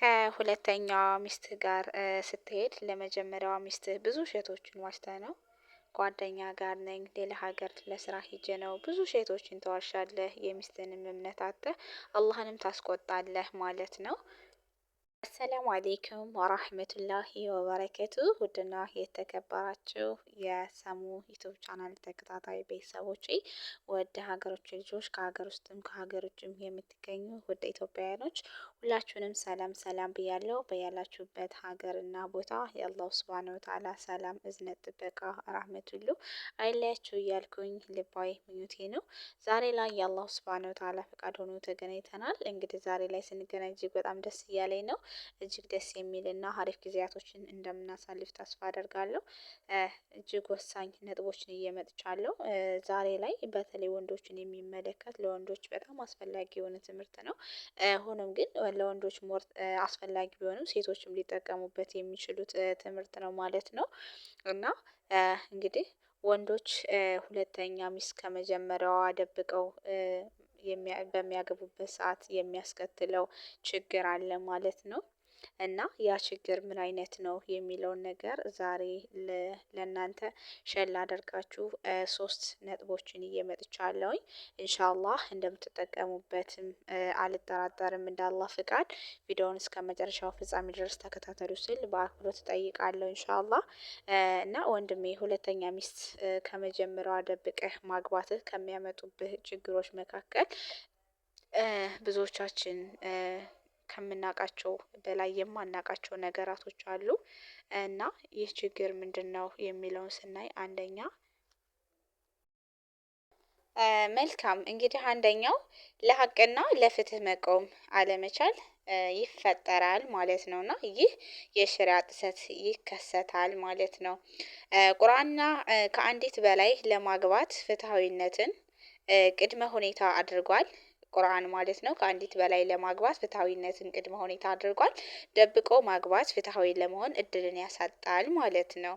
ከሁለተኛዋ ሚስት ጋር ስትሄድ ለመጀመሪያዋ ሚስት ብዙ ውሸቶችን ዋሽተ ነው። ጓደኛ ጋር ነኝ ሌላ ሀገር ለስራ ሄጄ ነው ብዙ ሴቶችን ተዋሻለህ፣ የሚስትንም እምነት አጥተህ አላህንም ታስቆጣለህ ማለት ነው አሰላሙ አሌይኩም ወራህመቱላሂ ወበረከቱ ውድና የተከበራችሁ የሰሙ ዩቱብ ቻናል ተከታታይ ቤተሰቦች ወደ ሀገሮች ልጆች ከሀገር ውስጥም ከሀገር ውጭም የምትገኙ ወደ ኢትዮጵያውያኖች ሁላችሁንም ሰላም ሰላም ብያለው። በያላችሁበት ሀገርና ቦታ የአላሁ ስብሃነ ወተዓላ ሰላም፣ እዝነት፣ ጥበቃ፣ ራህመት ሁሉ አይለያችሁ እያልኩኝ ልባዊ ምኞቴ ነው። ዛሬ ላይ የአላሁ ስብሃነ ወተዓላ ፈቃድ ሆኖ ተገናኝተናል። እንግዲህ ዛሬ ላይ ስንገናኝ እጅግ በጣም ደስ እያለኝ ነው። እጅግ ደስ የሚልና ሀሪፍ ጊዜያቶችን እንደምናሳልፍ ተስፋ አደርጋለሁ። እጅግ ወሳኝ ነጥቦችን ይዤ ዛሬ ላይ በተለይ ወንዶችን የሚመለከት ለወንዶች በጣም አስፈላጊ የሆነ ትምህርት ነው። ሆኖም ግን ለወንዶች ሞር አስፈላጊ ቢሆንም ሴቶችም ሊጠቀሙበት የሚችሉት ትምህርት ነው ማለት ነው። እና እንግዲህ ወንዶች ሁለተኛ ሚስት ከመጀመሪያዋ ደብቀው በሚያገቡበት ሰዓት የሚያስከትለው ችግር አለ ማለት ነው። እና ያ ችግር ምን አይነት ነው የሚለውን ነገር ዛሬ ለእናንተ ሸል አደርጋችሁ ሶስት ነጥቦችን እየመጥቻለውኝ እንሻላ እንደምትጠቀሙበትም አልጠራጠርም። እንዳላ ፍቃድ ቪዲዮውን እስከ መጨረሻው ፍጻሜ ድረስ ተከታተሉ ስል በአክብሮት እጠይቃለሁ። እንሻላ እና ወንድሜ ሁለተኛ ሚስት ከመጀመሪያዋ ደብቀ ማግባትህ ከሚያመጡብህ ችግሮች መካከል ብዙዎቻችን ከምናውቃቸው በላይ የማናውቃቸው ነገራቶች አሉ እና ይህ ችግር ምንድን ነው የሚለውን ስናይ አንደኛ መልካም እንግዲህ አንደኛው ለሀቅና ለፍትህ መቆም አለመቻል ይፈጠራል ማለት ነው እና ይህ የሽሪያ ጥሰት ይከሰታል ማለት ነው። ቁርአንና ከአንዲት በላይ ለማግባት ፍትሃዊነትን ቅድመ ሁኔታ አድርጓል ቁርአን ማለት ነው ከአንዲት በላይ ለማግባት ፍትሐዊነትን ቅድመ ሁኔታ አድርጓል። ደብቆ ማግባት ፍትሐዊ ለመሆን እድልን ያሳጣል ማለት ነው።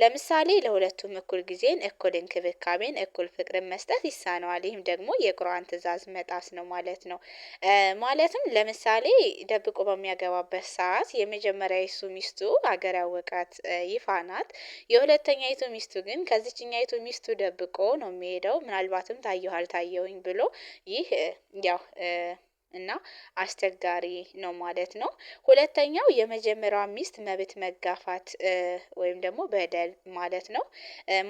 ለምሳሌ ለሁለቱም እኩል ጊዜን፣ እኩል እንክብካቤን፣ እኩል ፍቅርን መስጠት ይሳነዋል። ይህም ደግሞ የቁርአን ትእዛዝ መጣስ ነው ማለት ነው። ማለትም ለምሳሌ ደብቆ በሚያገባበት ሰዓት ይሱ ሚስቱ አገር ያወቃት ይፋ ናት። ይቱ ሚስቱ ግን ይቱ ሚስቱ ደብቆ ነው የሚሄደው ምናልባትም ታየኋል ታየውኝ ብሎ ይህ ያው እና አስቸጋሪ ነው ማለት ነው። ሁለተኛው የመጀመሪያ ሚስት መብት መጋፋት ወይም ደግሞ በደል ማለት ነው።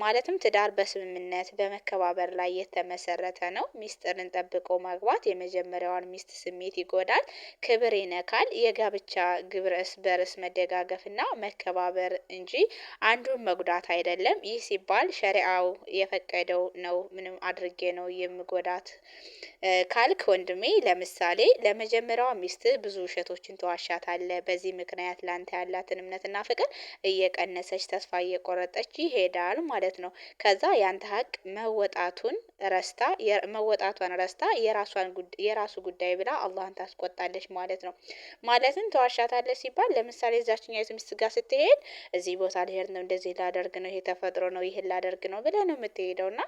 ማለትም ትዳር በስምምነት በመከባበር ላይ የተመሰረተ ነው ሚስጥርን ጠብቆ ማግባት የመጀመሪያዋን ሚስት ስሜት ይጎዳል ክብር ይነካል የጋብቻ ግብረ እርስ በርስ መደጋገፍና መከባበር እንጂ አንዱን መጉዳት አይደለም ይህ ሲባል ሸሪአው የፈቀደው ነው ምንም አድርጌ ነው የምጎዳት ካልክ ወንድሜ ለምሳሌ ለምሳሌ ለመጀመሪያዋ ሚስት ብዙ ውሸቶችን ተዋሻታለህ። በዚህ ምክንያት ላንተ ያላትን እምነትና ፍቅር እየቀነሰች ተስፋ እየቆረጠች ይሄዳል ማለት ነው። ከዛ ያንተ ሀቅ መወጣቱን ረስታ መወጣቷን ረስታ የራሷን የራሱ ጉዳይ ብላ አላህን ታስቆጣለች ማለት ነው። ማለትም ተዋሻታለህ ሲባል ለምሳሌ እዛችኛይቱ ሚስት ጋር ስትሄድ እዚህ ቦታ ልሄድ ነው እንደዚህ ላደርግ ነው ይሄ ተፈጥሮ ነው ይህን ላደርግ ነው ብለህ ነው የምትሄደው እና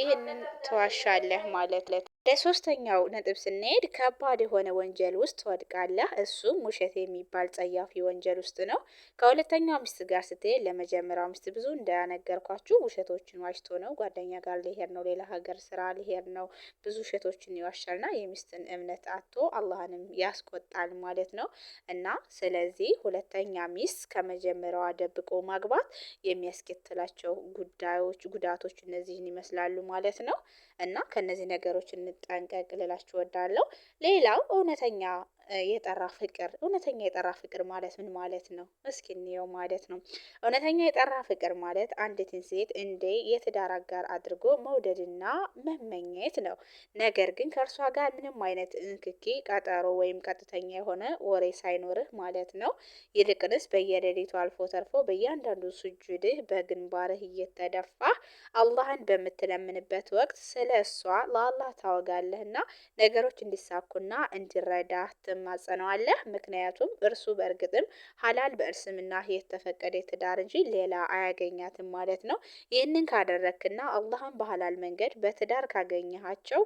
ይህንን ተዋሻለህ ማለት ለ ለሶስተኛው ነጥብ ስንሄድ ከ ከባድ የሆነ ወንጀል ውስጥ ትወድቃለህ። እሱም ውሸት የሚባል ጸያፊ ወንጀል ውስጥ ነው። ከሁለተኛው ሚስት ጋር ስትሄድ ለመጀመሪያው ሚስት ብዙ እንዳነገርኳችሁ ውሸቶችን ዋሽቶ ነው። ጓደኛ ጋር ሊሄድ ነው፣ ሌላ ሀገር ስራ ሊሄድ ነው። ብዙ ውሸቶችን ይዋሻልና የሚስትን እምነት አቶ አላህንም ያስቆጣል ማለት ነው። እና ስለዚህ ሁለተኛ ሚስት ከመጀመሪያዋ ደብቆ ማግባት የሚያስከትላቸው ጉዳዮች፣ ጉዳቶች እነዚህን ይመስላሉ ማለት ነው። እና ከነዚህ ነገሮች እንጠንቀቅ ልላችሁ እወዳለሁ። ሌላው እውነተኛ የጠራ ፍቅር እውነተኛ የጠራ ፍቅር ማለት ምን ማለት ነው? እስኪ እንየው ማለት ነው። እውነተኛ የጠራ ፍቅር ማለት አንዲትን ሴት እንደ የትዳር አጋር አድርጎ መውደድና መመኘት ነው። ነገር ግን ከእርሷ ጋር ምንም አይነት ንክኪ፣ ቀጠሮ ወይም ቀጥተኛ የሆነ ወሬ ሳይኖርህ ማለት ነው። ይልቅንስ በየሌሊቱ አልፎ ተርፎ በእያንዳንዱ ሱጁድህ በግንባርህ እየተደፋ አላህን በምትለምንበት ወቅት ስለ እሷ ለአላህ ታወጋለህና ነገሮች እንዲሳኩና እንዲረዳህ ትማጸነዋለህ። ምክንያቱም እርሱ በእርግጥም ሀላል በእርስምና የተፈቀደ ትዳር እንጂ ሌላ አያገኛትም ማለት ነው። ይህንን ካደረክና አላህን በሀላል መንገድ በትዳር ካገኘሃቸው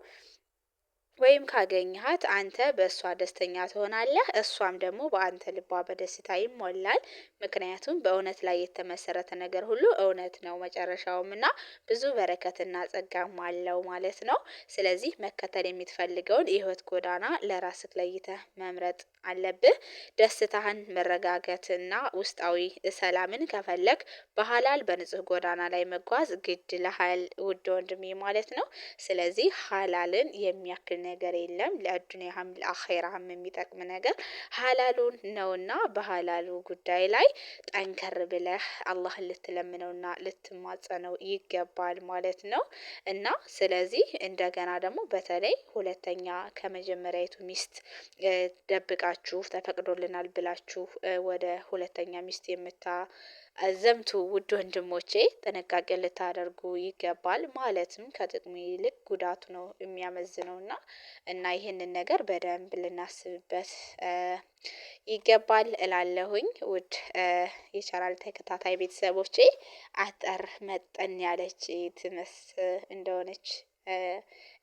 ወይም ካገኘሃት አንተ በእሷ ደስተኛ ትሆናለህ እሷም ደግሞ በአንተ ልቧ በደስታ ይሞላል። ምክንያቱም በእውነት ላይ የተመሰረተ ነገር ሁሉ እውነት ነው መጨረሻውም እና ብዙ በረከትና ጸጋም አለው ማለት ነው። ስለዚህ መከተል የምትፈልገውን የህይወት ጎዳና ለራስህ ለይተህ መምረጥ አለብህ። ደስታህን መረጋጋትና ውስጣዊ ሰላምን ከፈለግ በሀላል በንጹህ ጎዳና ላይ መጓዝ ግድ ይልሃል ውድ ወንድሜ ማለት ነው። ስለዚህ ሀላልን የሚያክል ነገር የለም። ለዱንያም ለአኼራም የሚጠቅም ነገር ሀላሉ ነውና በሀላሉ ጉዳይ ላይ ጠንከር ብለህ አላህ ልትለምነውና ልትማጸነው ይገባል ማለት ነው። እና ስለዚህ እንደገና ደግሞ በተለይ ሁለተኛ ከመጀመሪያዊቱ ሚስት ደብቃችሁ ተፈቅዶልናል ብላችሁ ወደ ሁለተኛ ሚስት የምታ ዘምቱ ውድ ወንድሞቼ ጥንቃቄ ልታደርጉ ይገባል። ማለትም ከጥቅሙ ይልቅ ጉዳቱ ነው የሚያመዝነው እና እና ይህንን ነገር በደንብ ልናስብበት ይገባል እላለሁኝ። ውድ የቻናል ተከታታይ ቤተሰቦቼ አጠር መጠን ያለች ትምህርት እንደሆነች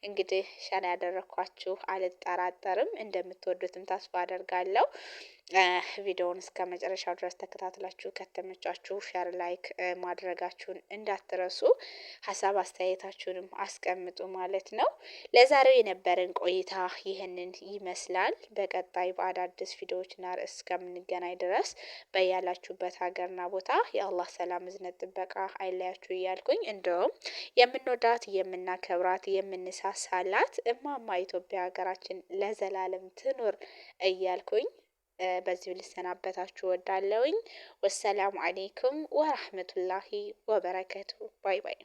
እንግዲህ ሸና ያደረግኳችሁ አልጠራጠርም። እንደምትወዱትም ተስፋ አደርጋለሁ። ቪዲዮውን እስከ መጨረሻው ድረስ ተከታትላችሁ ከተመቻችሁ ሼር፣ ላይክ ማድረጋችሁን እንዳትረሱ። ሀሳብ አስተያየታችሁንም አስቀምጡ ማለት ነው። ለዛሬው የነበረን ቆይታ ይህንን ይመስላል። በቀጣይ በአዳዲስ ቪዲዮዎችና ርዕስ እስከምንገናኝ ድረስ በያላችሁበት ሀገርና ቦታ የአላህ ሰላም፣ እዝነት፣ ጥበቃ አይለያችሁ እያልኩኝ እንደውም የምንወዳት የምናከብራት የምንሳሳላት እማማ ኢትዮጵያ ሀገራችን ለዘላለም ትኑር እያልኩኝ በዚሁ ልሰናበታችሁ ወዳለውኝ። ወሰላሙ አሌይኩም ወራህመቱላሂ ወበረከቱ። ባይ ባይ።